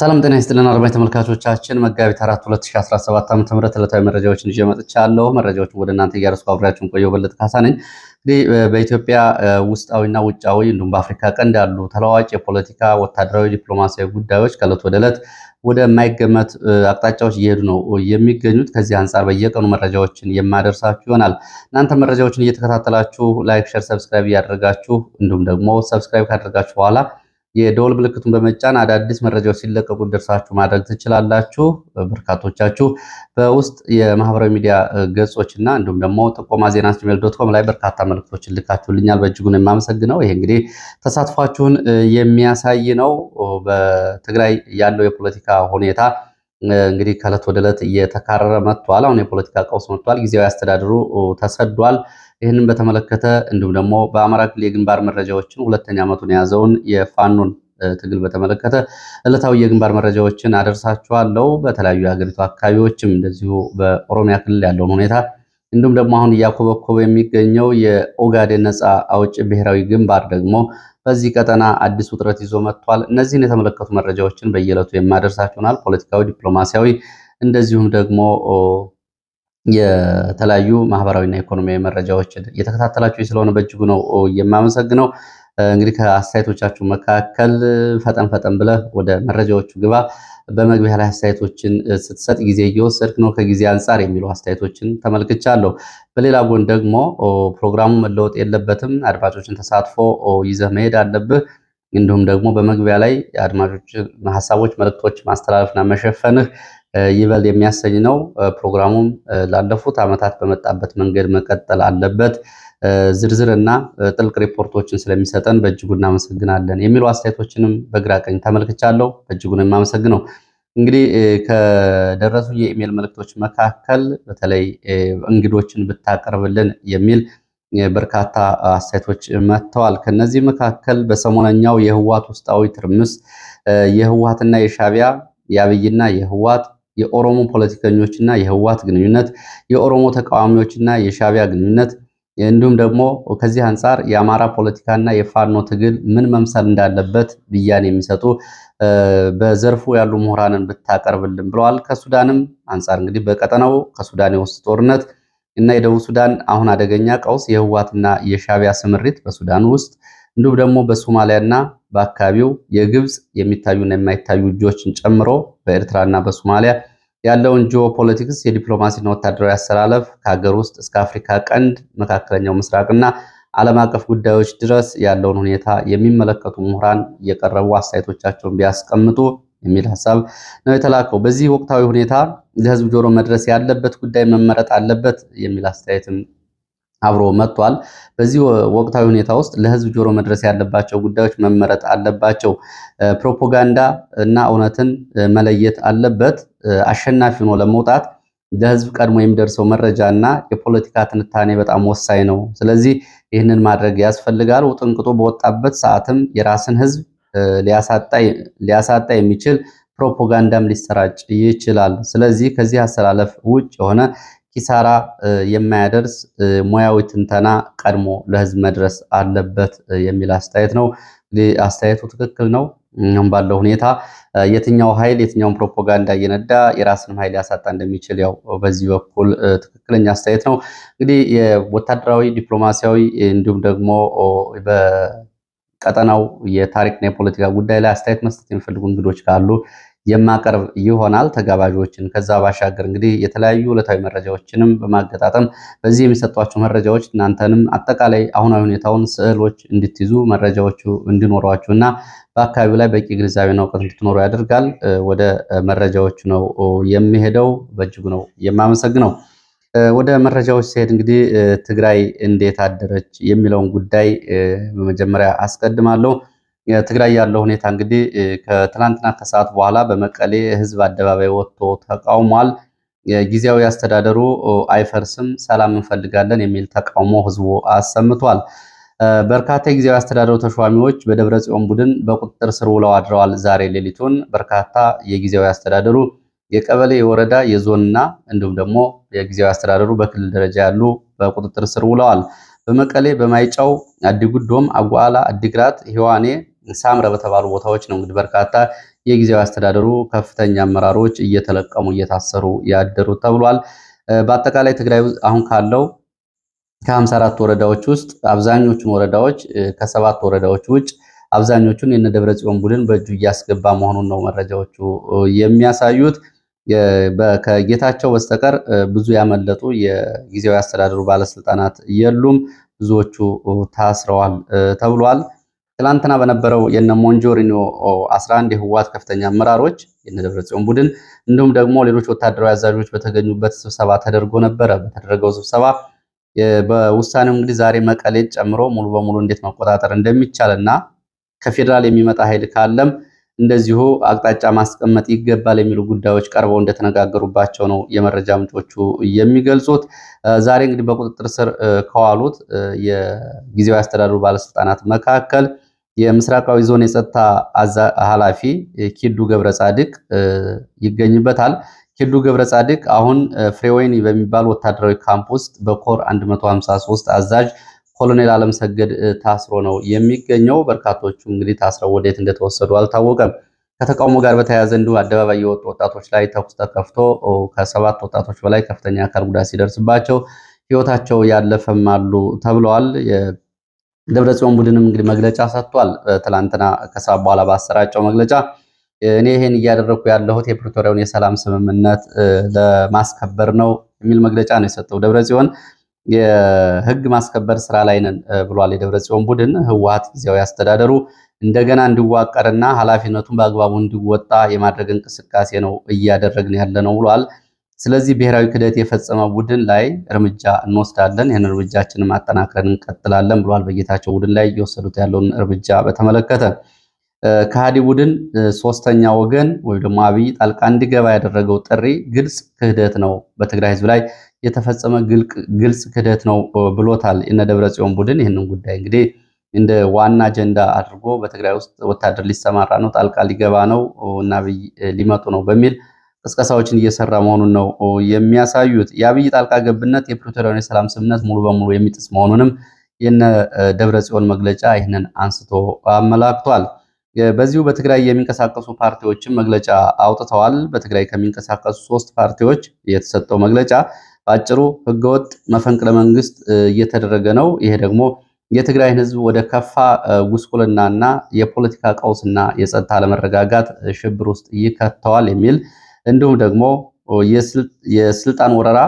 ሰላም ጤና ይስጥልን አድማጭ ተመልካቾቻችን፣ መጋቢት 4 2017 ዓ.ም ዕለታዊ መረጃዎችን ይዤ መጥቻለሁ። መረጃዎችን ወደ እናንተ እያደረስኩ አብሬያችሁን ቆየሁ። በለጠ ካሳ ነኝ። እንግዲህ በኢትዮጵያ ውስጣዊና ውጫዊ እንዲሁም በአፍሪካ ቀንድ ያሉ ተለዋዋጭ የፖለቲካ ወታደራዊ፣ ዲፕሎማሲያዊ ጉዳዮች ከእለት ወደ ዕለት ወደማይገመት አቅጣጫዎች እየሄዱ ነው የሚገኙት። ከዚህ አንጻር በየቀኑ መረጃዎችን የማደርሳችሁ ይሆናል። እናንተ መረጃዎችን እየተከታተላችሁ ላይክ፣ ሸር፣ ሰብስክራይብ እያደረጋችሁ እንዲሁም ደግሞ ሰብስክራይብ ካደረጋችሁ በኋላ የደወል ምልክቱን በመጫን አዳዲስ መረጃዎች ሲለቀቁ ደርሳችሁ ማድረግ ትችላላችሁ። በርካቶቻችሁ በውስጥ የማህበራዊ ሚዲያ ገጾች እና እንዲሁም ደግሞ ጥቆማ ዜና ጂሜል ዶት ኮም ላይ በርካታ መልእክቶችን ልካችሁልኛል። በእጅጉን የማመሰግነው። ይሄ እንግዲህ ተሳትፏችሁን የሚያሳይ ነው። በትግራይ ያለው የፖለቲካ ሁኔታ እንግዲህ ከእለት ወደ እለት እየተካረረ መጥቷል። አሁን የፖለቲካ ቀውስ መጥቷል። ጊዜያዊ አስተዳደሩ ተሰዷል። ይህንን በተመለከተ እንዲሁም ደግሞ በአማራ ክልል የግንባር መረጃዎችን ሁለተኛ ዓመቱን የያዘውን የፋኖን ትግል በተመለከተ ዕለታዊ የግንባር መረጃዎችን አደርሳችኋለሁ። በተለያዩ የሀገሪቱ አካባቢዎችም እንደዚሁ በኦሮሚያ ክልል ያለውን ሁኔታ እንዲሁም ደግሞ አሁን እያኮበኮበ የሚገኘው የኦጋዴን ነፃ አውጭ ብሔራዊ ግንባር ደግሞ በዚህ ቀጠና አዲስ ውጥረት ይዞ መጥቷል። እነዚህን የተመለከቱ መረጃዎችን በየዕለቱ የማደርሳችሁናል። ፖለቲካዊ፣ ዲፕሎማሲያዊ እንደዚሁም ደግሞ የተለያዩ ማህበራዊና ኢኮኖሚያዊ መረጃዎች እየተከታተላችሁ ስለሆነ በእጅጉ ነው የማመሰግነው። እንግዲህ ከአስተያየቶቻችሁ መካከል ፈጠን ፈጠን ብለህ ወደ መረጃዎቹ ግባ። በመግቢያ ላይ አስተያየቶችን ስትሰጥ ጊዜ እየወሰድክ ነው ከጊዜ አንጻር የሚሉ አስተያየቶችን ተመልክቻለሁ። በሌላ ጎን ደግሞ ፕሮግራሙ መለወጥ የለበትም፣ አድማጮችን ተሳትፎ ይዘህ መሄድ አለብህ። እንዲሁም ደግሞ በመግቢያ ላይ አድማጮች ሀሳቦች፣ መልእክቶች ማስተላለፍና መሸፈንህ ይበል የሚያሰኝ ነው። ፕሮግራሙም ላለፉት ዓመታት በመጣበት መንገድ መቀጠል አለበት። ዝርዝርና ጥልቅ ሪፖርቶችን ስለሚሰጠን በእጅጉ እናመሰግናለን የሚሉ አስተያየቶችንም በግራ ቀኝ ተመልክቻለሁ። በእጅጉ ነው የማመሰግነው። እንግዲህ ከደረሱ የኢሜል መልእክቶች መካከል በተለይ እንግዶችን ብታቀርብልን የሚል በርካታ አስተያየቶች መጥተዋል። ከነዚህ መካከል በሰሞነኛው የህዋት ውስጣዊ ትርምስ የህዋትና የሻቢያ የአብይና የህዋት የኦሮሞ ፖለቲከኞችና የህዋት ግንኙነት፣ የኦሮሞ ተቃዋሚዎችና የሻቢያ ግንኙነት እንዲሁም ደግሞ ከዚህ አንጻር የአማራ ፖለቲካና የፋኖ ትግል ምን መምሰል እንዳለበት ብያን የሚሰጡ በዘርፉ ያሉ ምሁራንን ብታቀርብልን ብለዋል። ከሱዳንም አንጻር እንግዲህ በቀጠናው ከሱዳን የውስጥ ጦርነት እና የደቡብ ሱዳን አሁን አደገኛ ቀውስ፣ የህዋትና የሻቢያ ስምሪት በሱዳን ውስጥ እንዲሁም ደግሞ በሶማሊያና በአካባቢው የግብፅ የሚታዩና የማይታዩ እጆችን ጨምሮ በኤርትራና በሶማሊያ ያለውን ጂኦፖለቲክስ የዲፕሎማሲና ወታደራዊ አሰላለፍ ከሀገር ውስጥ እስከ አፍሪካ ቀንድ፣ መካከለኛው ምስራቅና ዓለም አቀፍ ጉዳዮች ድረስ ያለውን ሁኔታ የሚመለከቱ ምሁራን የቀረቡ አስተያየቶቻቸውን ቢያስቀምጡ የሚል ሀሳብ ነው የተላከው። በዚህ ወቅታዊ ሁኔታ ለህዝብ ጆሮ መድረስ ያለበት ጉዳይ መመረጥ አለበት የሚል አስተያየትም አብሮ መጥቷል። በዚህ ወቅታዊ ሁኔታ ውስጥ ለህዝብ ጆሮ መድረስ ያለባቸው ጉዳዮች መመረጥ አለባቸው። ፕሮፓጋንዳ እና እውነትን መለየት አለበት። አሸናፊ ሆኖ ለመውጣት ለህዝብ ቀድሞ የሚደርሰው መረጃ እና የፖለቲካ ትንታኔ በጣም ወሳኝ ነው። ስለዚህ ይህንን ማድረግ ያስፈልጋል። ውጥንቅጡ በወጣበት ሰዓትም የራስን ህዝብ ሊያሳጣ የሚችል ፕሮፓጋንዳም ሊሰራጭ ይችላል። ስለዚህ ከዚህ አሰላለፍ ውጭ የሆነ ኪሳራ የማያደርስ ሙያዊ ትንተና ቀድሞ ለህዝብ መድረስ አለበት የሚል አስተያየት ነው። አስተያየቱ ትክክል ነው። እኛም ባለው ሁኔታ የትኛው ኃይል የትኛውን ፕሮፓጋንዳ እየነዳ የራስንም ኃይል ያሳጣ እንደሚችል ያው በዚህ በኩል ትክክለኛ አስተያየት ነው። እንግዲህ የወታደራዊ ዲፕሎማሲያዊ፣ እንዲሁም ደግሞ በቀጠናው የታሪክና የፖለቲካ ጉዳይ ላይ አስተያየት መስጠት የሚፈልጉ እንግዶች ካሉ የማቀርብ ይሆናል። ተጋባዦችን ከዛ ባሻገር እንግዲህ የተለያዩ ዕለታዊ መረጃዎችንም በማገጣጠም በዚህ የሚሰጧቸው መረጃዎች እናንተንም አጠቃላይ አሁናዊ ሁኔታውን ስዕሎች እንድትይዙ መረጃዎቹ እንዲኖሯችሁ እና በአካባቢው ላይ በቂ ግንዛቤና እውቀት እንድትኖሩ ያደርጋል። ወደ መረጃዎቹ ነው የሚሄደው። በእጅጉ ነው የማመሰግነው። ወደ መረጃዎች ሲሄድ እንግዲህ ትግራይ እንዴት አደረች የሚለውን ጉዳይ በመጀመሪያ አስቀድማለሁ። ትግራይ ያለው ሁኔታ እንግዲህ ከትናንትና ከሰዓት በኋላ በመቀሌ ህዝብ አደባባይ ወጥቶ ተቃውሟል። ጊዜያዊ አስተዳደሩ አይፈርስም፣ ሰላም እንፈልጋለን የሚል ተቃውሞ ህዝቡ አሰምቷል። በርካታ የጊዜያዊ አስተዳደሩ ተሿሚዎች በደብረ ጽዮን ቡድን በቁጥጥር ስር ውለው አድረዋል። ዛሬ ሌሊቱን በርካታ የጊዜያዊ አስተዳደሩ የቀበሌ የወረዳ የዞንና እንዲሁም ደግሞ የጊዜያዊ አስተዳደሩ በክልል ደረጃ ያሉ በቁጥጥር ስር ውለዋል። በመቀሌ በማይጫው አዲጉዶም፣ አጓላ፣ አዲግራት፣ ህዋኔ፣ ሳምረ በተባሉ ቦታዎች ነው እንግዲህ በርካታ የጊዜያዊ አስተዳደሩ ከፍተኛ አመራሮች እየተለቀሙ እየታሰሩ ያደሩት ተብሏል። በአጠቃላይ ትግራይ አሁን ካለው ከ54 ወረዳዎች ውስጥ አብዛኞቹን ወረዳዎች ከሰባት ወረዳዎች ውጭ አብዛኞቹን የነ ደብረ ጽዮን ቡድን በእጁ እያስገባ መሆኑን ነው መረጃዎቹ የሚያሳዩት። ከጌታቸው በስተቀር ብዙ ያመለጡ የጊዜያዊ አስተዳደሩ ባለስልጣናት የሉም። ብዙዎቹ ታስረዋል ተብሏል። ትላንትና በነበረው የነ ሞንጆሪኖ 11 የህወሓት ከፍተኛ አመራሮች የነ ደብረጽዮን ቡድን እንዲሁም ደግሞ ሌሎች ወታደራዊ አዛዦች በተገኙበት ስብሰባ ተደርጎ ነበረ። በተደረገው ስብሰባ በውሳኔው እንግዲህ ዛሬ መቀሌን ጨምሮ ሙሉ በሙሉ እንዴት መቆጣጠር እንደሚቻል እና ከፌዴራል የሚመጣ ኃይል ካለም እንደዚሁ አቅጣጫ ማስቀመጥ ይገባል የሚሉ ጉዳዮች ቀርበው እንደተነጋገሩባቸው ነው የመረጃ ምንጮቹ የሚገልጹት። ዛሬ እንግዲህ በቁጥጥር ስር ከዋሉት የጊዜያዊ አስተዳደሩ ባለስልጣናት መካከል የምስራቃዊ ዞን የጸጥታ ኃላፊ ኪዱ ገብረ ጻድቅ ይገኝበታል። ኪዱ ገብረ ጻድቅ አሁን ፍሬወይኒ በሚባል ወታደራዊ ካምፕ ውስጥ በኮር 153 አዛዥ ኮሎኔል አለም ሰገድ ታስሮ ነው የሚገኘው። በርካቶቹ እንግዲህ ታስረው ወዴት እንደተወሰዱ አልታወቀም። ከተቃውሞ ጋር በተያያዘ እንዲሁ አደባባይ የወጡ ወጣቶች ላይ ተኩስ ተከፍቶ ከሰባት ወጣቶች በላይ ከፍተኛ አካል ጉዳት ሲደርስባቸው ህይወታቸው ያለፈም አሉ ተብለዋል። ደብረጽዮን ቡድንም እንግዲህ መግለጫ ሰጥቷል። ትላንትና ከሰዓት በኋላ ባሰራጨው መግለጫ እኔ ይሄን እያደረግኩ ያለሁት የፕሪቶሪያውን የሰላም ስምምነት ለማስከበር ነው የሚል መግለጫ ነው የሰጠው። ደብረጽዮን የህግ ማስከበር ስራ ላይ ነን ብሏል። የደብረጽዮን ቡድን ህወሓት ጊዜያዊ አስተዳደሩ እንደገና እንዲዋቀርና ኃላፊነቱን በአግባቡ እንዲወጣ የማድረግ እንቅስቃሴ ነው እያደረግን ያለ ነው ብሏል። ስለዚህ ብሔራዊ ክህደት የፈጸመ ቡድን ላይ እርምጃ እንወስዳለን፣ ይህን እርምጃችንን ማጠናክረን እንቀጥላለን ብሏል። በጌታቸው ቡድን ላይ እየወሰዱት ያለውን እርምጃ በተመለከተ ከሃዲ ቡድን ሶስተኛ ወገን ወይም ደግሞ አብይ ጣልቃ እንዲገባ ያደረገው ጥሪ ግልጽ ክህደት ነው፣ በትግራይ ህዝብ ላይ የተፈጸመ ግልጽ ክህደት ነው ብሎታል። የነ ደብረ ጽዮን ቡድን ይህንን ጉዳይ እንግዲህ እንደ ዋና አጀንዳ አድርጎ በትግራይ ውስጥ ወታደር ሊሰማራ ነው፣ ጣልቃ ሊገባ ነው እና አብይ ሊመጡ ነው በሚል ቅስቀሳዎችን እየሰራ መሆኑን ነው የሚያሳዩት። የአብይ ጣልቃ ገብነት የፕሪቶሪያውን የሰላም ስምምነት ሙሉ በሙሉ የሚጥስ መሆኑንም የነ ደብረ ጽዮን መግለጫ ይህንን አንስቶ አመላክቷል። በዚሁ በትግራይ የሚንቀሳቀሱ ፓርቲዎችም መግለጫ አውጥተዋል። በትግራይ ከሚንቀሳቀሱ ሶስት ፓርቲዎች የተሰጠው መግለጫ በአጭሩ ህገወጥ መፈንቅለ መንግስት እየተደረገ ነው፣ ይሄ ደግሞ የትግራይን ህዝብ ወደ ከፋ ጉስቁልናና የፖለቲካ ቀውስና የጸጥታ አለመረጋጋት ሽብር ውስጥ ይከተዋል የሚል እንዲሁም ደግሞ የስልጣን ወረራ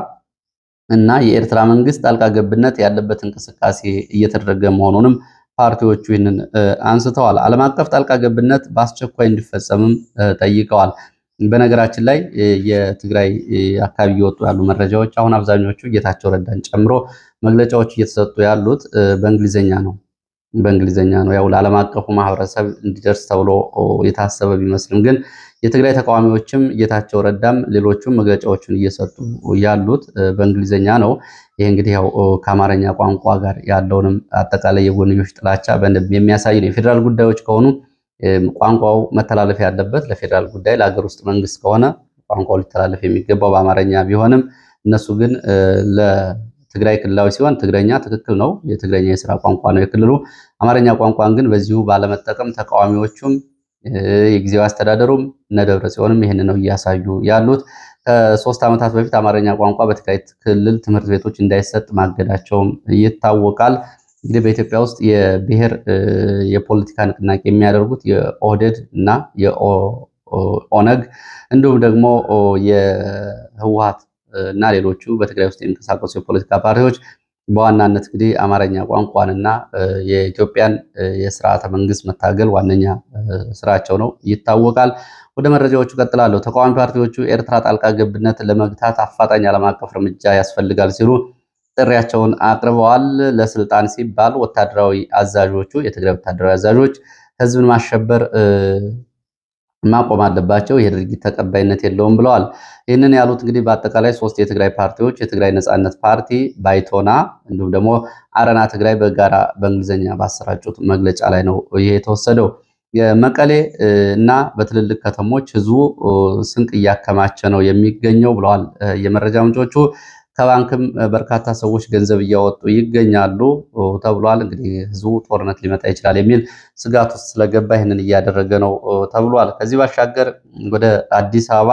እና የኤርትራ መንግስት ጣልቃ ገብነት ያለበት እንቅስቃሴ እየተደረገ መሆኑንም ፓርቲዎቹ ይህንን አንስተዋል። ዓለም አቀፍ ጣልቃ ገብነት በአስቸኳይ እንዲፈጸምም ጠይቀዋል። በነገራችን ላይ የትግራይ አካባቢ እየወጡ ያሉ መረጃዎች አሁን አብዛኞቹ ጌታቸው ረዳን ጨምሮ መግለጫዎች እየተሰጡ ያሉት በእንግሊዝኛ ነው በእንግሊዝኛ ነው። ያው ለዓለም አቀፉ ማህበረሰብ እንዲደርስ ተብሎ የታሰበ ቢመስልም ግን የትግራይ ተቃዋሚዎችም ጌታቸው ረዳም ሌሎቹም መግለጫዎችን እየሰጡ ያሉት በእንግሊዝኛ ነው። ይህ እንግዲህ ያው ከአማርኛ ቋንቋ ጋር ያለውንም አጠቃላይ የጎንዮሽ ጥላቻ በደንብ የሚያሳይ ነው። የፌዴራል ጉዳዮች ከሆኑ ቋንቋው መተላለፍ ያለበት ለፌዴራል ጉዳይ ለሀገር ውስጥ መንግስት ከሆነ ቋንቋው ሊተላለፍ የሚገባው በአማርኛ ቢሆንም እነሱ ግን ለትግራይ ክልላዊ ሲሆን ትግረኛ ትክክል ነው፣ የትግረኛ የስራ ቋንቋ ነው የክልሉ። አማርኛ ቋንቋን ግን በዚሁ ባለመጠቀም ተቃዋሚዎቹም የጊዜው አስተዳደሩም እነ ደብረ ጽዮንም ይህን ነው እያሳዩ ያሉት። ከሶስት ዓመታት በፊት አማርኛ ቋንቋ በትግራይ ክልል ትምህርት ቤቶች እንዳይሰጥ ማገዳቸውም ይታወቃል። እንግዲህ በኢትዮጵያ ውስጥ የብሔር የፖለቲካ ንቅናቄ የሚያደርጉት የኦህዴድ እና የኦነግ እንዲሁም ደግሞ የህወሀት እና ሌሎቹ በትግራይ ውስጥ የሚንቀሳቀሱ የፖለቲካ ፓርቲዎች በዋናነት እንግዲህ አማርኛ ቋንቋንና የኢትዮጵያን የስርዓተ መንግስት መታገል ዋነኛ ስራቸው ነው ይታወቃል። ወደ መረጃዎቹ ቀጥላለሁ። ተቃዋሚ ፓርቲዎቹ ኤርትራ ጣልቃ ገብነት ለመግታት አፋጣኝ ዓለም አቀፍ እርምጃ ያስፈልጋል ሲሉ ጥሪያቸውን አቅርበዋል። ለስልጣን ሲባል ወታደራዊ አዛዦቹ የትግራይ ወታደራዊ አዛዦች ህዝብን ማሸበር ማቆም አለባቸው። ይህ ድርጊት ተቀባይነት የለውም ብለዋል። ይህንን ያሉት እንግዲህ በአጠቃላይ ሶስት የትግራይ ፓርቲዎች የትግራይ ነፃነት ፓርቲ፣ ባይቶና እንዲሁም ደግሞ አረና ትግራይ በጋራ በእንግሊዝኛ ባሰራጩት መግለጫ ላይ ነው ይሄ የተወሰደው። የመቀሌ እና በትልልቅ ከተሞች ህዝቡ ስንቅ እያከማቸ ነው የሚገኘው ብለዋል የመረጃ ምንጮቹ። ከባንክም በርካታ ሰዎች ገንዘብ እያወጡ ይገኛሉ ተብሏል። እንግዲህ ህዝቡ ጦርነት ሊመጣ ይችላል የሚል ስጋት ውስጥ ስለገባ ይህንን እያደረገ ነው ተብሏል። ከዚህ ባሻገር ወደ አዲስ አበባ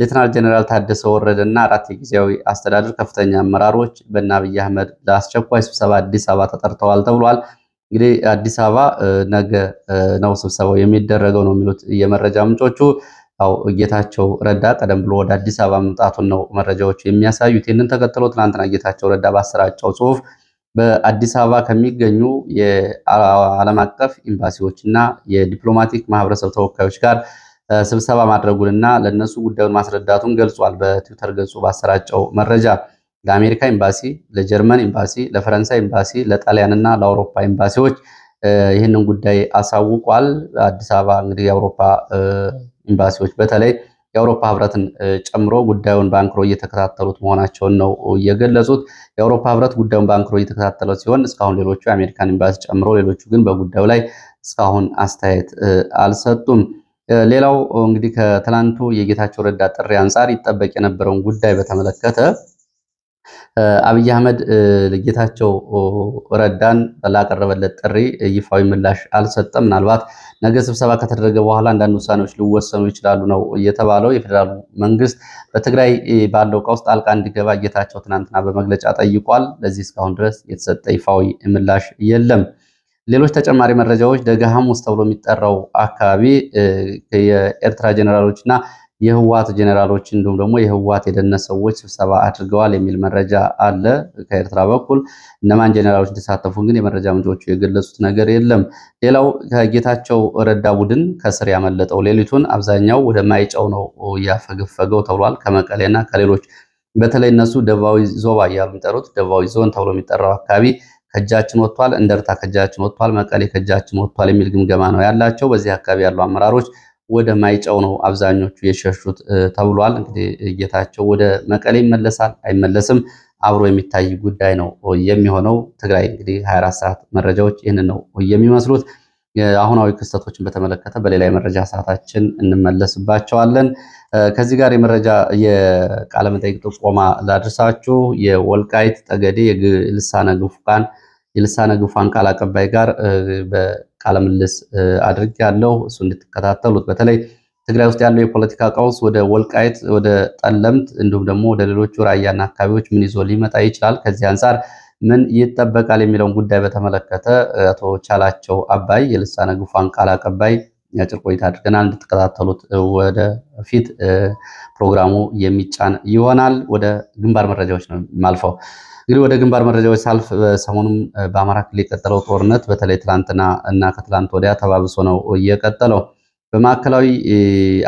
ሌትናል ጀኔራል ታደሰ ወረደ እና አራት የጊዜያዊ አስተዳደር ከፍተኛ አመራሮች በእነ አብይ አህመድ ለአስቸኳይ ስብሰባ አዲስ አበባ ተጠርተዋል ተብሏል። እንግዲህ አዲስ አበባ ነገ ነው ስብሰባው የሚደረገው ነው የሚሉት የመረጃ ምንጮቹ። አው ጌታቸው ረዳ ቀደም ብሎ ወደ አዲስ አበባ መምጣቱን ነው መረጃዎች የሚያሳዩት። ይህንን ተከትሎ ትናንትና ጌታቸው ረዳ ባሰራጨው ጽሁፍ በአዲስ አበባ ከሚገኙ የዓለም አቀፍ ኤምባሲዎች እና የዲፕሎማቲክ ማህበረሰብ ተወካዮች ጋር ስብሰባ ማድረጉንና ለእነሱ ጉዳዩን ማስረዳቱን ገልጿል። በትዊተር ገጹ ባሰራጨው መረጃ ለአሜሪካ ኤምባሲ፣ ለጀርመን ኤምባሲ፣ ለፈረንሳይ ኤምባሲ፣ ለጣሊያን እና ለአውሮፓ ኤምባሲዎች ይህንን ጉዳይ አሳውቋል። አዲስ አበባ እንግዲህ የአውሮፓ ኤምባሲዎች በተለይ የአውሮፓ ህብረትን ጨምሮ ጉዳዩን በአንክሮ እየተከታተሉት መሆናቸውን ነው የገለጹት። የአውሮፓ ህብረት ጉዳዩን በአንክሮ እየተከታተለው ሲሆን እስካሁን ሌሎቹ የአሜሪካን ኤምባሲ ጨምሮ ሌሎቹ ግን በጉዳዩ ላይ እስካሁን አስተያየት አልሰጡም። ሌላው እንግዲህ ከትናንቱ የጌታቸው ረዳ ጥሪ አንጻር ይጠበቅ የነበረውን ጉዳይ በተመለከተ አብይ አህመድ ጌታቸው ረዳን ላቀረበለት ጥሪ ይፋዊ ምላሽ አልሰጠም። ምናልባት ነገ ስብሰባ ከተደረገ በኋላ አንዳንድ ውሳኔዎች ሊወሰኑ ይችላሉ ነው የተባለው። የፌዴራሉ መንግስት በትግራይ ባለው ቀውስ ጣልቃ እንዲገባ ጌታቸው ትናንትና በመግለጫ ጠይቋል። ለዚህ እስካሁን ድረስ የተሰጠ ይፋዊ ምላሽ የለም። ሌሎች ተጨማሪ መረጃዎች ደገሃሙስ ተብሎ የሚጠራው አካባቢ የኤርትራ ጀኔራሎች እና የህዋት ጀኔራሎች እንዲሁም ደግሞ የህዋት የደህንነት ሰዎች ስብሰባ አድርገዋል የሚል መረጃ አለ ከኤርትራ በኩል። እነማን ጀኔራሎች እንደተሳተፉ ግን የመረጃ ምንጮቹ የገለጹት ነገር የለም። ሌላው ከጌታቸው ረዳ ቡድን ከስር ያመለጠው ሌሊቱን አብዛኛው ወደ ማይጨው ነው እያፈገፈገው ተብሏል። ከመቀሌና ከሌሎች በተለይ እነሱ ደባዊ ዞባ እያሉ የሚጠሩት ደባዊ ዞን ተብሎ የሚጠራው አካባቢ ከእጃችን ወጥቷል፣ እንደርታ ከእጃችን ወጥቷል፣ መቀሌ ከእጃችን ወጥቷል የሚል ግምገማ ነው ያላቸው። በዚህ አካባቢ ያሉ አመራሮች ወደ ማይጨው ነው አብዛኞቹ የሸሹት ተብሏል። እንግዲህ ጌታቸው ወደ መቀሌ ይመለሳል አይመለስም፣ አብሮ የሚታይ ጉዳይ ነው የሚሆነው። ትግራይ እንግዲህ 24 ሰዓት መረጃዎች ይህንን ነው የሚመስሉት። አሁናዊ ክስተቶችን በተመለከተ በሌላ የመረጃ ሰዓታችን እንመለስባቸዋለን። ከዚህ ጋር የመረጃ የቃለመጠይቅ ጥቆማ ላድርሳችሁ። የወልቃይት ጠገዴ የልሳነ ግፉቃን የልሳነ ግፋን ቃል አቀባይ ጋር በቃለ ምልልስ አድርግ ያለው እሱ እንድትከታተሉት በተለይ ትግራይ ውስጥ ያለው የፖለቲካ ቀውስ ወደ ወልቃይት፣ ወደ ጠለምት እንዲሁም ደግሞ ወደ ሌሎቹ ራያና አካባቢዎች ምን ይዞ ሊመጣ ይችላል፣ ከዚህ አንጻር ምን ይጠበቃል የሚለውን ጉዳይ በተመለከተ አቶ ቻላቸው አባይ የልሳነ ግፋን ቃል አቀባይ አጭር ቆይታ አድርገናል። እንድትከታተሉት ወደፊት ፕሮግራሙ የሚጫን ይሆናል። ወደ ግንባር መረጃዎች ነው የማልፈው። እንግዲህ ወደ ግንባር መረጃዎች ሳልፍ ሰሞኑም በአማራ ክልል የቀጠለው ጦርነት በተለይ ትላንትና እና ከትላንት ወዲያ ተባብሶ ነው እየቀጠለው። በማዕከላዊ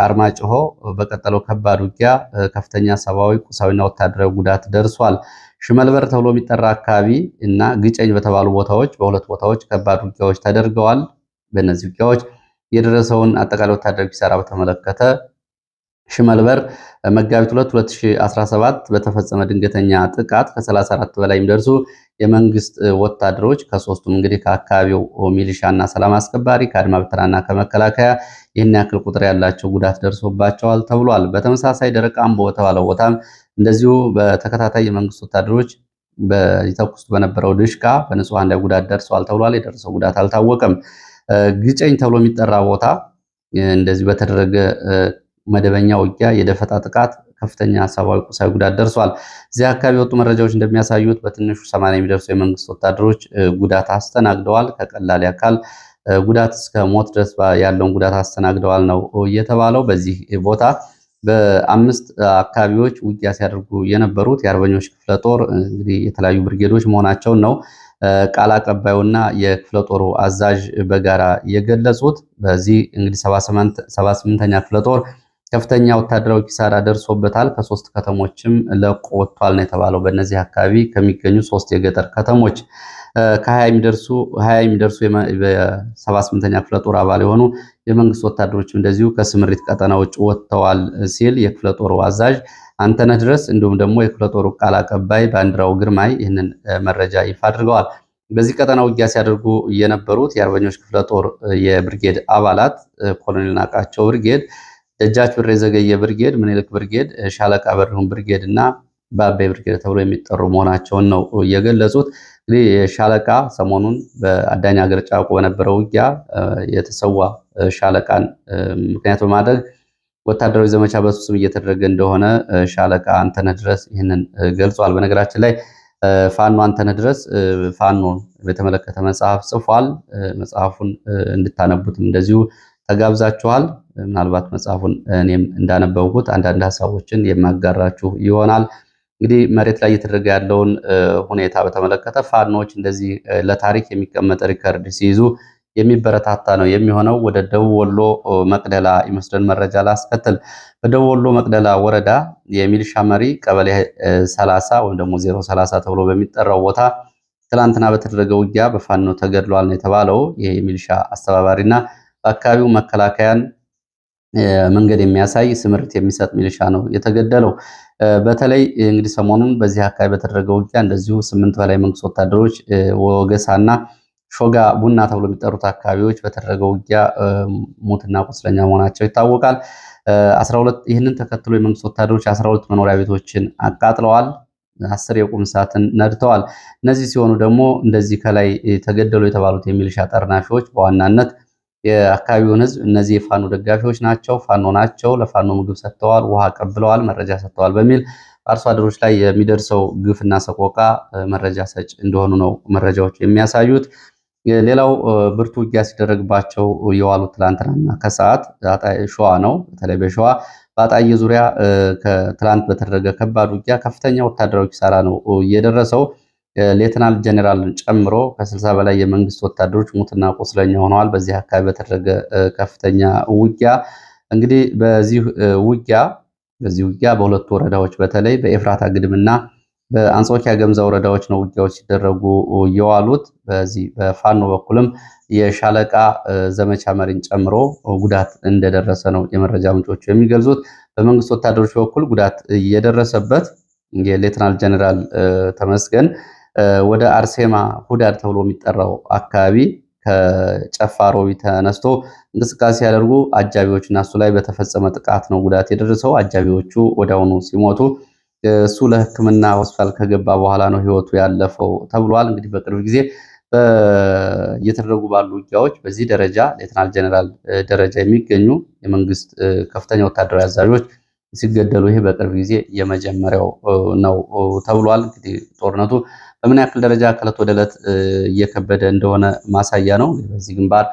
አርማጭሆ በቀጠለው ከባድ ውጊያ ከፍተኛ ሰብአዊ፣ ቁሳዊና ወታደራዊ ጉዳት ደርሷል። ሽመልበር ተብሎ የሚጠራ አካባቢ እና ግጨኝ በተባሉ ቦታዎች በሁለት ቦታዎች ከባድ ውጊያዎች ተደርገዋል። በእነዚህ ውጊያዎች የደረሰውን አጠቃላይ ወታደራዊ ኪሳራ በተመለከተ ሽመልበር መጋቢት 2 2017 በተፈጸመ ድንገተኛ ጥቃት ከ34 በላይ የሚደርሱ የመንግስት ወታደሮች ከሶስቱም እንግዲህ ከአካባቢው ሚሊሻና ሰላም አስከባሪ ከአድማ ብተናና ከመከላከያ ይህን ያክል ቁጥር ያላቸው ጉዳት ደርሶባቸዋል ተብሏል። በተመሳሳይ ደረቅ አምቦ በተባለው ቦታም እንደዚሁ በተከታታይ የመንግስት ወታደሮች በተኩሱት በነበረው ድሽቃ በንጹሐን ላይ ጉዳት ደርሷል ተብሏል። የደረሰው ጉዳት አልታወቀም። ግጨኝ ተብሎ የሚጠራ ቦታ እንደዚህ በተደረገ መደበኛ ውጊያ፣ የደፈጣ ጥቃት ከፍተኛ ሰብአዊ፣ ቁሳዊ ጉዳት ደርሷል። እዚህ አካባቢ የወጡ መረጃዎች እንደሚያሳዩት በትንሹ ሰማንያ የሚደርሱ የመንግስት ወታደሮች ጉዳት አስተናግደዋል። ከቀላል አካል ጉዳት እስከ ሞት ድረስ ያለውን ጉዳት አስተናግደዋል ነው እየተባለው። በዚህ ቦታ በአምስት አካባቢዎች ውጊያ ሲያደርጉ የነበሩት የአርበኞች ክፍለ ጦር እንግዲህ የተለያዩ ብርጌዶች መሆናቸውን ነው ቃል አቀባዩና የክፍለ ጦሩ አዛዥ በጋራ የገለጹት። በዚህ እንግዲህ ሰባ ስምንተኛ ክፍለ ጦር ከፍተኛ ወታደራዊ ኪሳራ ደርሶበታል። ከሶስት ከተሞችም ለቆ ወጥቷል ነው የተባለው። በእነዚህ አካባቢ ከሚገኙ ሶስት የገጠር ከተሞች ከሀያ የሚደርሱ ሀያ የሚደርሱ የሰባ ስምንተኛ ክፍለ ጦር አባል የሆኑ የመንግስት ወታደሮች እንደዚሁ ከስምሪት ቀጠና ውጭ ወጥተዋል ሲል የክፍለ ጦሩ አዛዥ አንተነህ ድረስ እንዲሁም ደግሞ የክፍለ ጦሩ ቃል አቀባይ ባንዲራው ግርማይ ይህንን መረጃ ይፋ አድርገዋል። በዚህ ቀጠና ውጊያ ሲያደርጉ የነበሩት የአርበኞች ክፍለ ጦር የብርጌድ አባላት ኮሎኔል ናቃቸው ብርጌድ ደጃች ብር የዘገየ ብርጌድ፣ ምኒልክ ብርጌድ፣ ሻለቃ በርሁን ብርጌድ እና በአበይ ብርጌድ ተብሎ የሚጠሩ መሆናቸውን ነው የገለጹት። እንግዲህ ሻለቃ ሰሞኑን በአዳኝ ሀገር ጫቆ በነበረው ውጊያ የተሰዋ ሻለቃን ምክንያት በማድረግ ወታደራዊ ዘመቻ በሱ ስም እየተደረገ እንደሆነ ሻለቃ አንተነ ድረስ ይህንን ገልጿል። በነገራችን ላይ ፋኖ አንተነ ድረስ ፋኖ በተመለከተ መጽሐፍ ጽፏል። መጽሐፉን እንድታነቡትም እንደዚሁ ተጋብዛችኋል። ምናልባት መጽሐፉን እኔም እንዳነበብኩት አንዳንድ ሀሳቦችን የማጋራችሁ ይሆናል። እንግዲህ መሬት ላይ እየተደረገ ያለውን ሁኔታ በተመለከተ ፋኖች እንደዚህ ለታሪክ የሚቀመጥ ሪከርድ ሲይዙ የሚበረታታ ነው የሚሆነው። ወደ ደቡብ ወሎ መቅደላ ይመስለን መረጃ ላስከትል። በደቡብ ወሎ መቅደላ ወረዳ የሚሊሻ መሪ ቀበሌ 30 ወይም ደግሞ 030 ተብሎ በሚጠራው ቦታ ትላንትና በተደረገ ውጊያ በፋኖ ተገድሏል ነው የተባለው። ይሄ የሚሊሻ አስተባባሪና በአካባቢው መከላከያን መንገድ የሚያሳይ ስምርት የሚሰጥ ሚሊሻ ነው የተገደለው። በተለይ እንግዲህ ሰሞኑን በዚህ አካባቢ በተደረገ ውጊያ እንደዚሁ ስምንት በላይ መንግስት ወታደሮች ወገሳና ሾጋ ቡና ተብሎ የሚጠሩት አካባቢዎች በተደረገ ውጊያ ሞትና ቁስለኛ መሆናቸው ይታወቃል። ይህንን ተከትሎ የመንግስት ወታደሮች አስራ ሁለት መኖሪያ ቤቶችን አቃጥለዋል። አስር የቁም ሰዓትን ነድተዋል። እነዚህ ሲሆኑ ደግሞ እንደዚህ ከላይ ተገደሉ የተባሉት የሚሊሻ ጠርናፊዎች በዋናነት የአካባቢውን ህዝብ እነዚህ የፋኖ ደጋፊዎች ናቸው፣ ፋኖ ናቸው፣ ለፋኖ ምግብ ሰጥተዋል፣ ውሃ ቀብለዋል፣ መረጃ ሰጥተዋል በሚል አርሶ አደሮች ላይ የሚደርሰው ግፍና ሰቆቃ መረጃ ሰጭ እንደሆኑ ነው መረጃዎች የሚያሳዩት። ሌላው ብርቱ ውጊያ ሲደረግባቸው የዋሉት ትላንትናና ከሰዓት ሸዋ ነው። በተለይ በሸዋ በአጣዬ ዙሪያ ከትላንት በተደረገ ከባድ ውጊያ ከፍተኛ ወታደራዊ ኪሳራ ነው እየደረሰው ሌተናል ጀኔራልን ጨምሮ ከስልሳ በላይ የመንግስት ወታደሮች ሙትና ቁስለኛ ሆነዋል። በዚህ አካባቢ በተደረገ ከፍተኛ ውጊያ እንግዲህ በዚህ ውጊያ በዚህ ውጊያ በሁለቱ ወረዳዎች በተለይ በኤፍራታ ግድምና በአንጾኪያ ገምዛ ወረዳዎች ነው ውጊያዎች ሲደረጉ የዋሉት። በዚህ በፋኖ በኩልም የሻለቃ ዘመቻ መሪን ጨምሮ ጉዳት እንደደረሰ ነው የመረጃ ምንጮቹ የሚገልጹት። በመንግስት ወታደሮች በኩል ጉዳት የደረሰበት የሌትናል ጀኔራል ተመስገን ወደ አርሴማ ሁዳድ ተብሎ የሚጠራው አካባቢ ከጨፋ ተነስቶ እንቅስቃሴ ያደርጉ አጃቢዎች እና እሱ ላይ በተፈጸመ ጥቃት ነው ጉዳት የደረሰው። አጃቢዎቹ ወዲያውኑ ሲሞቱ እሱ ለሕክምና ሆስፒታል ከገባ በኋላ ነው ህይወቱ ያለፈው ተብሏል። እንግዲህ በቅርብ ጊዜ እየተደረጉ ባሉ ውጊያዎች በዚህ ደረጃ ሌተናል ጀነራል ደረጃ የሚገኙ የመንግስት ከፍተኛ ወታደራዊ አዛዦች ሲገደሉ ይሄ በቅርብ ጊዜ የመጀመሪያው ነው ተብሏል። እንግዲህ ጦርነቱ በምን ያክል ደረጃ ከእለት ወደ እለት እየከበደ እንደሆነ ማሳያ ነው። በዚህ ግንባር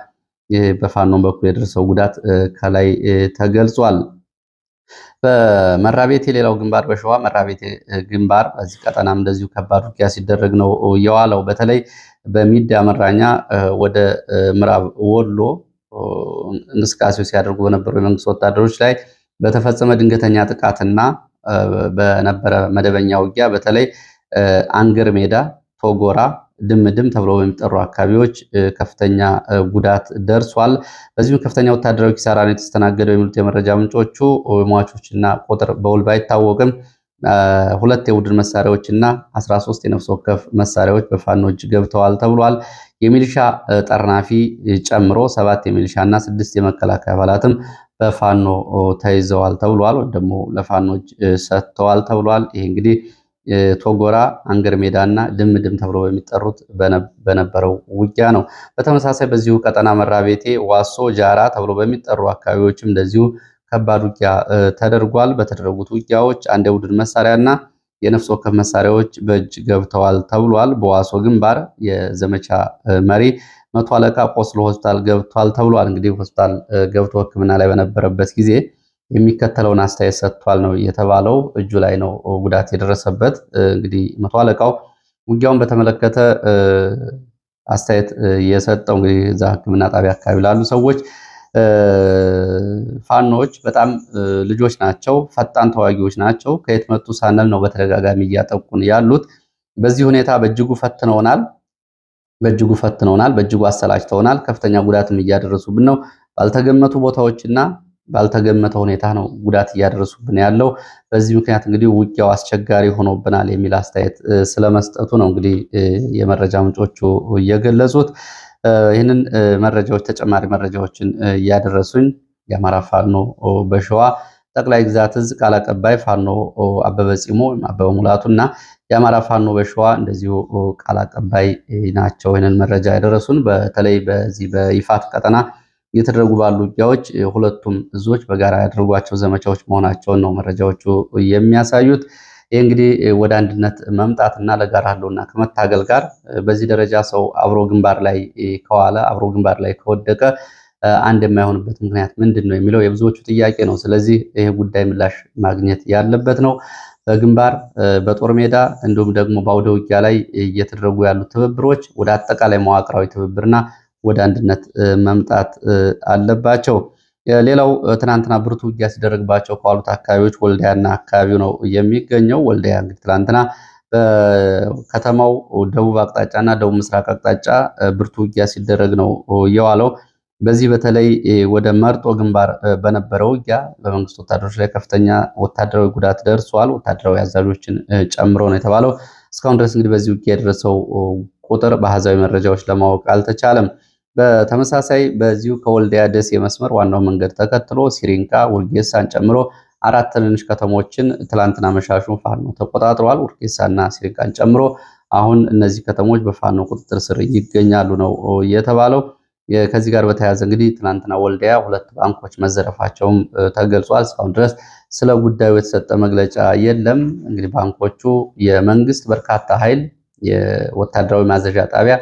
በፋኖ በኩል የደረሰው ጉዳት ከላይ ተገልጿል። በመራቤቴ የሌላው ግንባር በሸዋ መራቤቴ ግንባር በዚህ ቀጠናም እንደዚሁ ከባድ ውጊያ ሲደረግ ነው የዋለው። በተለይ በሚዳ መራኛ ወደ ምዕራብ ወሎ እንቅስቃሴው ሲያደርጉ በነበሩ የመንግስት ወታደሮች ላይ በተፈጸመ ድንገተኛ ጥቃትና በነበረ መደበኛ ውጊያ በተለይ አንገር ሜዳ፣ ቶጎራ፣ ድምድም ተብሎ በሚጠሩ አካባቢዎች ከፍተኛ ጉዳት ደርሷል። በዚህም ከፍተኛ ወታደራዊ ነው የተስተናገደው የሚሉት የመረጃ ምንጮቹ ሟቾችና ቁጥር በውል ባይታወቅም ሁለት የቡድን መሳሪያዎች እና 13 የነፍስ ወከፍ መሳሪያዎች በፋኖች ገብተዋል ተብሏል። የሚሊሻ ጠርናፊ ጨምሮ ሰባት የሚሊሻ እና ስድስት የመከላከያ አባላትም በፋኖ ተይዘዋል ተብሏል፣ ወይም ደግሞ ለፋኖች ሰጥተዋል ተብሏል። ይሄ እንግዲህ ቶጎራ አንገር ሜዳና ድምድም ተብሎ በሚጠሩት በነበረው ውጊያ ነው። በተመሳሳይ በዚሁ ቀጠና መራቤቴ፣ ዋሶ፣ ጃራ ተብሎ በሚጠሩ አካባቢዎችም እንደዚሁ ከባድ ውጊያ ተደርጓል። በተደረጉት ውጊያዎች አንድ የቡድን መሳሪያና የነፍስ ወከፍ መሳሪያዎች በእጅ ገብተዋል ተብሏል። በዋሶ ግንባር የዘመቻ መሪ መቶ አለቃ ቆስሎ ሆስፒታል ገብቷል ተብሏል። እንግዲህ ሆስፒታል ገብቶ ሕክምና ላይ በነበረበት ጊዜ የሚከተለውን አስተያየት ሰጥቷል ነው የተባለው። እጁ ላይ ነው ጉዳት የደረሰበት። እንግዲህ መቶ አለቃው ውጊያውን በተመለከተ አስተያየት የሰጠው እንግዲህ እዛ ሕክምና ጣቢያ አካባቢ ላሉ ሰዎች ፋኖች በጣም ልጆች ናቸው፣ ፈጣን ተዋጊዎች ናቸው። ከየት መጡ ሳንል ነው በተደጋጋሚ እያጠቁን ያሉት። በዚህ ሁኔታ በእጅጉ ፈትነውናል። በእጅጉ ፈትነውናል፣ በእጅጉ አሰላጭተውናል። ከፍተኛ ጉዳትም እያደረሱብን ነው። ባልተገመቱ ቦታዎችና ባልተገመተ ሁኔታ ነው ጉዳት እያደረሱብን ያለው። በዚህ ምክንያት እንግዲህ ውጊያው አስቸጋሪ ሆኖብናል የሚል አስተያየት ስለመስጠቱ ነው እንግዲህ የመረጃ ምንጮቹ እየገለጹት። ይህንን መረጃዎች ተጨማሪ መረጃዎችን እያደረሱኝ የአማራ ፋኖ በሸዋ ጠቅላይ ግዛት እዝ ቃል አቀባይ ፋኖ አበበ ፂሞ አበበ ሙላቱ እና የአማራ ፋኖ በሸዋ እንደዚሁ ቃል አቀባይ ናቸው። ይህንን መረጃ ያደረሱን በተለይ በዚህ በይፋት ቀጠና እየተደረጉ ባሉ ውጊያዎች ሁለቱም እዞች በጋራ ያደረጓቸው ዘመቻዎች መሆናቸውን ነው መረጃዎቹ የሚያሳዩት። ይህ እንግዲህ ወደ አንድነት መምጣትና ለጋራ ህልውና ከመታገል ጋር በዚህ ደረጃ ሰው አብሮ ግንባር ላይ ከዋለ አብሮ ግንባር ላይ ከወደቀ አንድ የማይሆንበት ምክንያት ምንድን ነው የሚለው የብዙዎቹ ጥያቄ ነው። ስለዚህ ይህ ጉዳይ ምላሽ ማግኘት ያለበት ነው። በግንባር በጦር ሜዳ እንዲሁም ደግሞ በአውደ ውጊያ ላይ እየተደረጉ ያሉት ትብብሮች ወደ አጠቃላይ መዋቅራዊ ትብብርና ወደ አንድነት መምጣት አለባቸው። ሌላው ትናንትና ብርቱ ውጊያ ሲደረግባቸው ከዋሉት አካባቢዎች ወልዲያና አካባቢው ነው የሚገኘው። ወልዲያ እንግዲህ ትናንትና በከተማው ደቡብ አቅጣጫና ደቡብ ምስራቅ አቅጣጫ ብርቱ ውጊያ ሲደረግ ነው የዋለው። በዚህ በተለይ ወደ መርጦ ግንባር በነበረው ውጊያ በመንግስት ወታደሮች ላይ ከፍተኛ ወታደራዊ ጉዳት ደርሷል። ወታደራዊ አዛዦችን ጨምሮ ነው የተባለው። እስካሁን ድረስ እንግዲህ በዚህ ውጊያ የደረሰው ቁጥር በአሃዛዊ መረጃዎች ለማወቅ አልተቻለም። በተመሳሳይ በዚሁ ከወልዲያ ደሴ መስመር ዋናው መንገድ ተከትሎ ሲሪንቃ ውርጌሳን ጨምሮ አራት ትንንሽ ከተሞችን ትላንትና መሻሹ ፋኖ ተቆጣጥረዋል። ውርጌሳና ሲሪንቃን ጨምሮ አሁን እነዚህ ከተሞች በፋኖ ቁጥጥር ስር ይገኛሉ ነው የተባለው። ከዚህ ጋር በተያያዘ እንግዲህ ትናንትና ወልዲያ ሁለት ባንኮች መዘረፋቸውም ተገልጿል። እስካሁን ድረስ ስለ ጉዳዩ የተሰጠ መግለጫ የለም። እንግዲህ ባንኮቹ የመንግስት በርካታ ኃይል የወታደራዊ ማዘዣ ጣቢያ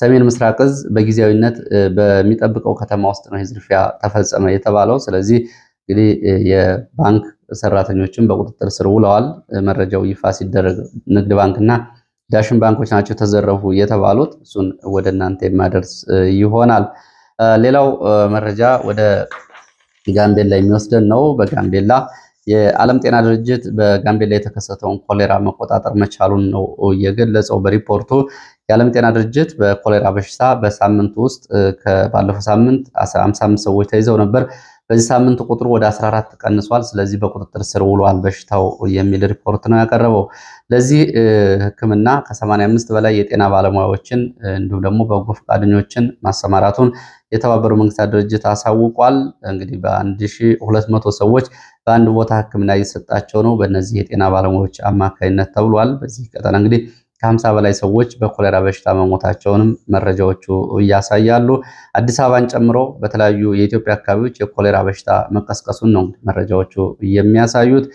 ሰሜን ምስራቅ እዝ በጊዜያዊነት በሚጠብቀው ከተማ ውስጥ ነው ዝርፊያ ተፈጸመ የተባለው። ስለዚህ እንግዲህ የባንክ ሰራተኞችም በቁጥጥር ስር ውለዋል። መረጃው ይፋ ሲደረግ ንግድ ባንክና ዳሽን ባንኮች ናቸው ተዘረፉ የተባሉት። እሱን ወደ እናንተ የማደርስ ይሆናል። ሌላው መረጃ ወደ ጋምቤላ የሚወስደን ነው። በጋምቤላ የዓለም ጤና ድርጅት በጋምቤላ የተከሰተውን ኮሌራ መቆጣጠር መቻሉን ነው የገለጸው በሪፖርቱ። የዓለም ጤና ድርጅት በኮሌራ በሽታ በሳምንት ውስጥ ከባለፈው ሳምንት 55 ሰዎች ተይዘው ነበር። በዚህ ሳምንት ቁጥሩ ወደ 14 ቀንሷል። ስለዚህ በቁጥጥር ስር ውሏል በሽታው የሚል ሪፖርት ነው ያቀረበው። ለዚህ ሕክምና ከ85 በላይ የጤና ባለሙያዎችን እንዲሁም ደግሞ በጎ ፈቃደኞችን ማሰማራቱን የተባበሩ መንግስታት ድርጅት አሳውቋል። እንግዲህ በ1200 ሰዎች በአንድ ቦታ ሕክምና እየተሰጣቸው ነው በእነዚህ የጤና ባለሙያዎች አማካኝነት ተብሏል። በዚህ ቀጠና እንግዲህ ከሀምሳ በላይ ሰዎች በኮሌራ በሽታ መሞታቸውንም መረጃዎቹ እያሳያሉ። አዲስ አበባን ጨምሮ በተለያዩ የኢትዮጵያ አካባቢዎች የኮሌራ በሽታ መቀስቀሱን ነው መረጃዎቹ የሚያሳዩት።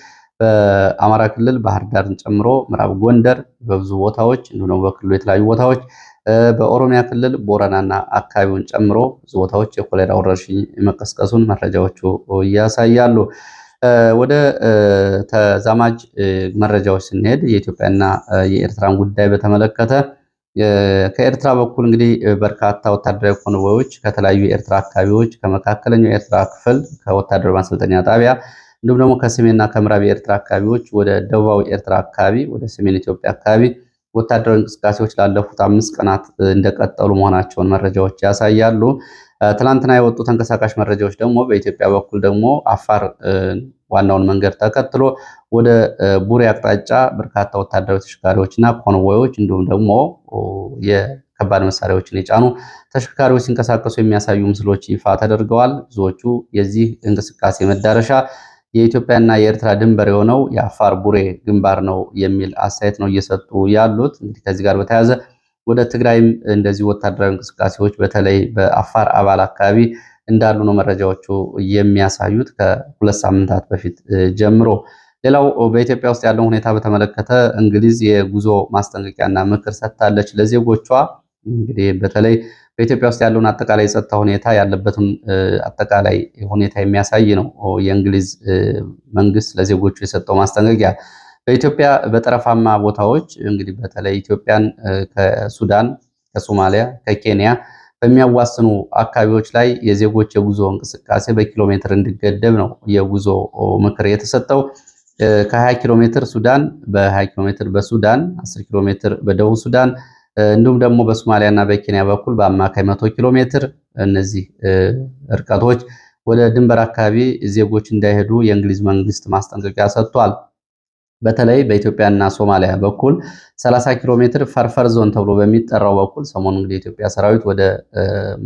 በአማራ ክልል ባህር ዳርን ጨምሮ ምዕራብ ጎንደር በብዙ ቦታዎች እንዲሁም በክልሉ የተለያዩ ቦታዎች በኦሮሚያ ክልል ቦረናና አካባቢውን ጨምሮ ብዙ ቦታዎች የኮሌራ ወረርሽኝ መቀስቀሱን መረጃዎቹ ያሳያሉ። ወደ ተዛማጅ መረጃዎች ስንሄድ የኢትዮጵያና የኤርትራን ጉዳይ በተመለከተ ከኤርትራ በኩል እንግዲህ በርካታ ወታደራዊ ኮንቮዮች ከተለያዩ የኤርትራ አካባቢዎች ከመካከለኛው የኤርትራ ክፍል ከወታደራዊ ማሰልጠኛ ጣቢያ እንዲሁም ደግሞ ከሰሜንና ከምዕራብ የኤርትራ አካባቢዎች ወደ ደቡባዊ ኤርትራ አካባቢ ወደ ሰሜን ኢትዮጵያ አካባቢ ወታደራዊ እንቅስቃሴዎች ላለፉት አምስት ቀናት እንደቀጠሉ መሆናቸውን መረጃዎች ያሳያሉ። ትላንትና የወጡ ተንቀሳቃሽ መረጃዎች ደግሞ በኢትዮጵያ በኩል ደግሞ አፋር ዋናውን መንገድ ተከትሎ ወደ ቡሬ አቅጣጫ በርካታ ወታደራዊ እና ኮንቮዮች እንዲሁም ደግሞ የከባድ መሳሪያዎችን የጫኑ ተሽከርካሪዎች ሲንቀሳቀሱ የሚያሳዩ ምስሎች ይፋ ተደርገዋል። ብዙዎቹ የዚህ እንቅስቃሴ መዳረሻ የኢትዮጵያና የኤርትራ ድንበር የሆነው የአፋር ቡሬ ግንባር ነው የሚል አስተያየት ነው እየሰጡ ያሉት። እንግዲህ ከዚህ ጋር በተያያዘ ወደ ትግራይም እንደዚህ ወታደራዊ እንቅስቃሴዎች በተለይ በአፋር አባል አካባቢ እንዳሉ ነው መረጃዎቹ የሚያሳዩት ከሁለት ሳምንታት በፊት ጀምሮ። ሌላው በኢትዮጵያ ውስጥ ያለውን ሁኔታ በተመለከተ እንግሊዝ የጉዞ ማስጠንቀቂያና ምክር ሰጥታለች ለዜጎቿ። እንግዲህ በተለይ በኢትዮጵያ ውስጥ ያለውን አጠቃላይ የጸጥታ ሁኔታ ያለበትን አጠቃላይ ሁኔታ የሚያሳይ ነው የእንግሊዝ መንግስት ለዜጎቹ የሰጠው ማስጠንቀቂያ። በኢትዮጵያ በጠረፋማ ቦታዎች እንግዲህ በተለይ ኢትዮጵያን ከሱዳን፣ ከሶማሊያ፣ ከኬንያ በሚያዋስኑ አካባቢዎች ላይ የዜጎች የጉዞ እንቅስቃሴ በኪሎ ሜትር እንዲገደብ ነው የጉዞ ምክር የተሰጠው። ከ20 ኪሎ ሜትር ሱዳን በ20 ኪሎ ሜትር በሱዳን 10 ኪሎ ሜትር በደቡብ ሱዳን እንዲሁም ደግሞ በሶማሊያ እና በኬንያ በኩል በአማካይ 100 ኪሎ ሜትር እነዚህ እርቀቶች ወደ ድንበር አካባቢ ዜጎች እንዳይሄዱ የእንግሊዝ መንግስት ማስጠንቀቂያ ሰጥቷል። በተለይ በኢትዮጵያና ሶማሊያ በኩል 30 ኪሎ ሜትር ፈርፈር ዞን ተብሎ በሚጠራው በኩል ሰሞኑ እንግዲህ የኢትዮጵያ ሰራዊት ወደ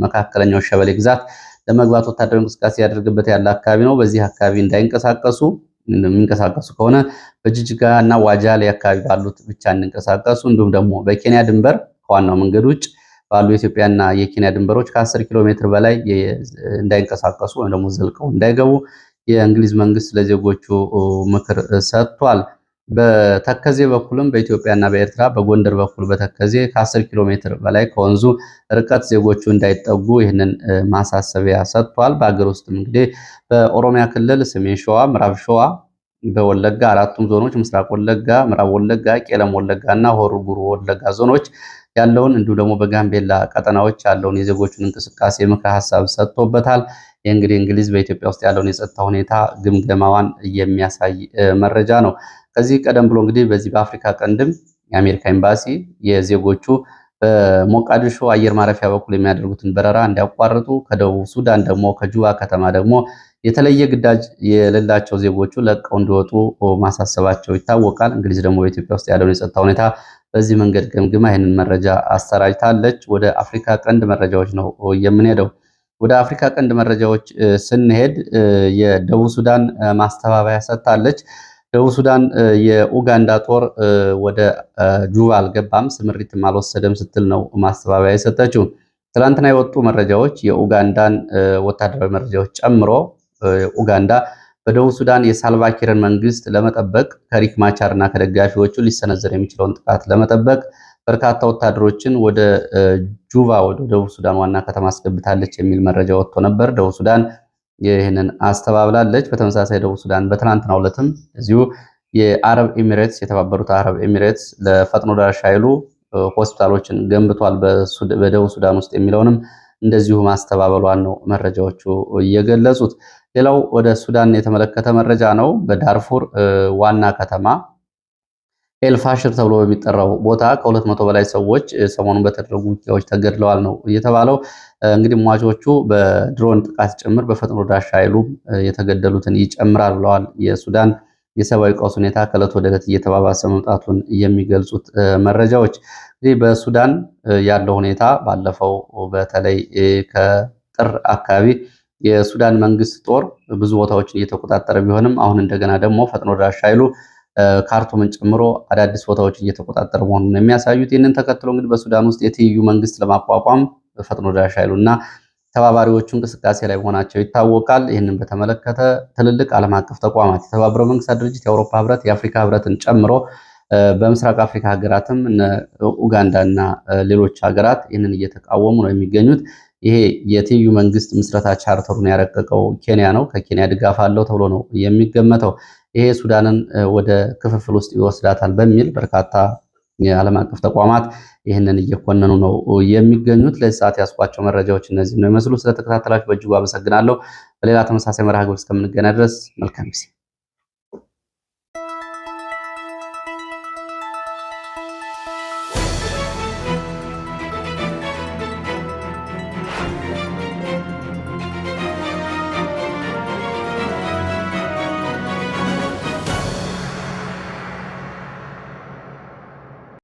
መካከለኛው ሸበሌ ግዛት ለመግባት ወታደር እንቅስቃሴ ያደርግበት ያለ አካባቢ ነው። በዚህ አካባቢ እንዳይንቀሳቀሱ የሚንቀሳቀሱ ከሆነ በጅጅጋ እና ዋጃሌ አካባቢ ባሉት ብቻ እንንቀሳቀሱ፣ እንዲሁም ደግሞ በኬንያ ድንበር ከዋናው መንገድ ውጭ ባሉ የኢትዮጵያና የኬንያ ድንበሮች ከ10 ኪሎ ሜትር በላይ እንዳይንቀሳቀሱ ወይም ደግሞ ዘልቀው እንዳይገቡ የእንግሊዝ መንግስት ለዜጎቹ ምክር ሰጥቷል። በተከዜ በኩልም በኢትዮጵያና በኤርትራ በጎንደር በኩል በተከዜ ከ10 ኪሎ ሜትር በላይ ከወንዙ ርቀት ዜጎቹ እንዳይጠጉ ይህንን ማሳሰቢያ ሰጥቷል። በአገር ውስጥም እንግዲህ በኦሮሚያ ክልል ሰሜን ሸዋ፣ ምዕራብ ሸዋ፣ በወለጋ አራቱም ዞኖች ምስራቅ ወለጋ፣ ምዕራብ ወለጋ፣ ቄለም ወለጋ እና ሆሮ ጉሩ ወለጋ ዞኖች ያለውን እንዲሁ ደግሞ በጋምቤላ ቀጠናዎች ያለውን የዜጎቹን እንቅስቃሴ ምክረ ሀሳብ ሰጥቶበታል። የእንግዲህ እንግሊዝ በኢትዮጵያ ውስጥ ያለውን የጸጥታ ሁኔታ ግምገማዋን የሚያሳይ መረጃ ነው። ከዚህ ቀደም ብሎ እንግዲህ በዚህ በአፍሪካ ቀንድም የአሜሪካ ኤምባሲ የዜጎቹ በሞቃዲሾ አየር ማረፊያ በኩል የሚያደርጉትን በረራ እንዲያቋርጡ ከደቡብ ሱዳን ደግሞ ከጁባ ከተማ ደግሞ የተለየ ግዳጅ የሌላቸው ዜጎቹ ለቀው እንዲወጡ ማሳሰባቸው ይታወቃል። እንግሊዝ ደግሞ በኢትዮጵያ ውስጥ ያለውን የጸጥታ ሁኔታ በዚህ መንገድ ገምግማ ይህንን መረጃ አሰራጭታለች። ወደ አፍሪካ ቀንድ መረጃዎች ነው የምንሄደው። ወደ አፍሪካ ቀንድ መረጃዎች ስንሄድ የደቡብ ሱዳን ማስተባበያ ሰጥታለች። ደቡብ ሱዳን የኡጋንዳ ጦር ወደ ጁባ አልገባም፣ ስምሪትም አልወሰደም ስትል ነው ማስተባበያ የሰጠችው። ትላንትና የወጡ መረጃዎች የኡጋንዳን ወታደራዊ መረጃዎች ጨምሮ ኡጋንዳ በደቡብ ሱዳን የሳልቫኪርን መንግስት ለመጠበቅ ከሪክ ማቻር እና ከደጋፊዎቹ ሊሰነዘር የሚችለውን ጥቃት ለመጠበቅ በርካታ ወታደሮችን ወደ ጁባ ወደ ደቡብ ሱዳን ዋና ከተማ አስገብታለች የሚል መረጃ ወጥቶ ነበር። ደቡብ ሱዳን ይህንን አስተባብላለች። በተመሳሳይ ደቡብ ሱዳን በትናንትናው ዕለትም እዚሁ የአረብ ኤሚሬትስ የተባበሩት አረብ ኤሚሬትስ ለፈጥኖ ደራሽ ኃይሉ ሆስፒታሎችን ገንብቷል በደቡብ ሱዳን ውስጥ የሚለውንም እንደዚሁ ማስተባበሏን ነው መረጃዎቹ እየገለጹት። ሌላው ወደ ሱዳን የተመለከተ መረጃ ነው። በዳርፉር ዋና ከተማ ኤልፋሽር ተብሎ በሚጠራው ቦታ ከሁለት መቶ በላይ ሰዎች ሰሞኑን በተደረጉ ውጊያዎች ተገድለዋል ነው እየተባለው። እንግዲህ ሟቾቹ በድሮን ጥቃት ጭምር በፈጥኖ ደራሽ ኃይሉ የተገደሉትን ይጨምራል ብለዋል። የሱዳን የሰብአዊ ቀውስ ሁኔታ ከእለት ወደ ዕለት እየተባባሰ መምጣቱን የሚገልጹት መረጃዎች እንግዲህ በሱዳን ያለው ሁኔታ ባለፈው በተለይ ከጥር አካባቢ የሱዳን መንግስት ጦር ብዙ ቦታዎችን እየተቆጣጠረ ቢሆንም አሁን እንደገና ደግሞ ፈጥኖ ደራሽ ኃይሉ ካርቱምን ጨምሮ አዳዲስ ቦታዎች እየተቆጣጠረ መሆኑን የሚያሳዩት። ይህንን ተከትሎ እንግዲህ በሱዳን ውስጥ የትይዩ መንግስት ለማቋቋም ፈጥኖ ደራሽ ኃይሉ እና ተባባሪዎቹ እንቅስቃሴ ላይ መሆናቸው ይታወቃል። ይህንን በተመለከተ ትልልቅ ዓለም አቀፍ ተቋማት የተባበረው መንግስታት ድርጅት፣ የአውሮፓ ህብረት፣ የአፍሪካ ህብረትን ጨምሮ በምስራቅ አፍሪካ ሀገራትም እነ ኡጋንዳ እና ሌሎች ሀገራት ይህንን እየተቃወሙ ነው የሚገኙት። ይሄ የትይዩ መንግስት ምስረታ ቻርተሩን ያረቀቀው ኬንያ ነው። ከኬንያ ድጋፍ አለው ተብሎ ነው የሚገመተው። ይሄ ሱዳንን ወደ ክፍፍል ውስጥ ይወስዳታል በሚል በርካታ የዓለም አቀፍ ተቋማት ይህንን እየኮነኑ ነው የሚገኙት። ለዚህ ሰዓት ያስኳቸው መረጃዎች እነዚህ ነው ይመስሉ። ስለተከታተላችሁ በእጅጉ አመሰግናለሁ። በሌላ ተመሳሳይ መርሃ ግብር እስከምንገናኝ ድረስ መልካም ጊዜ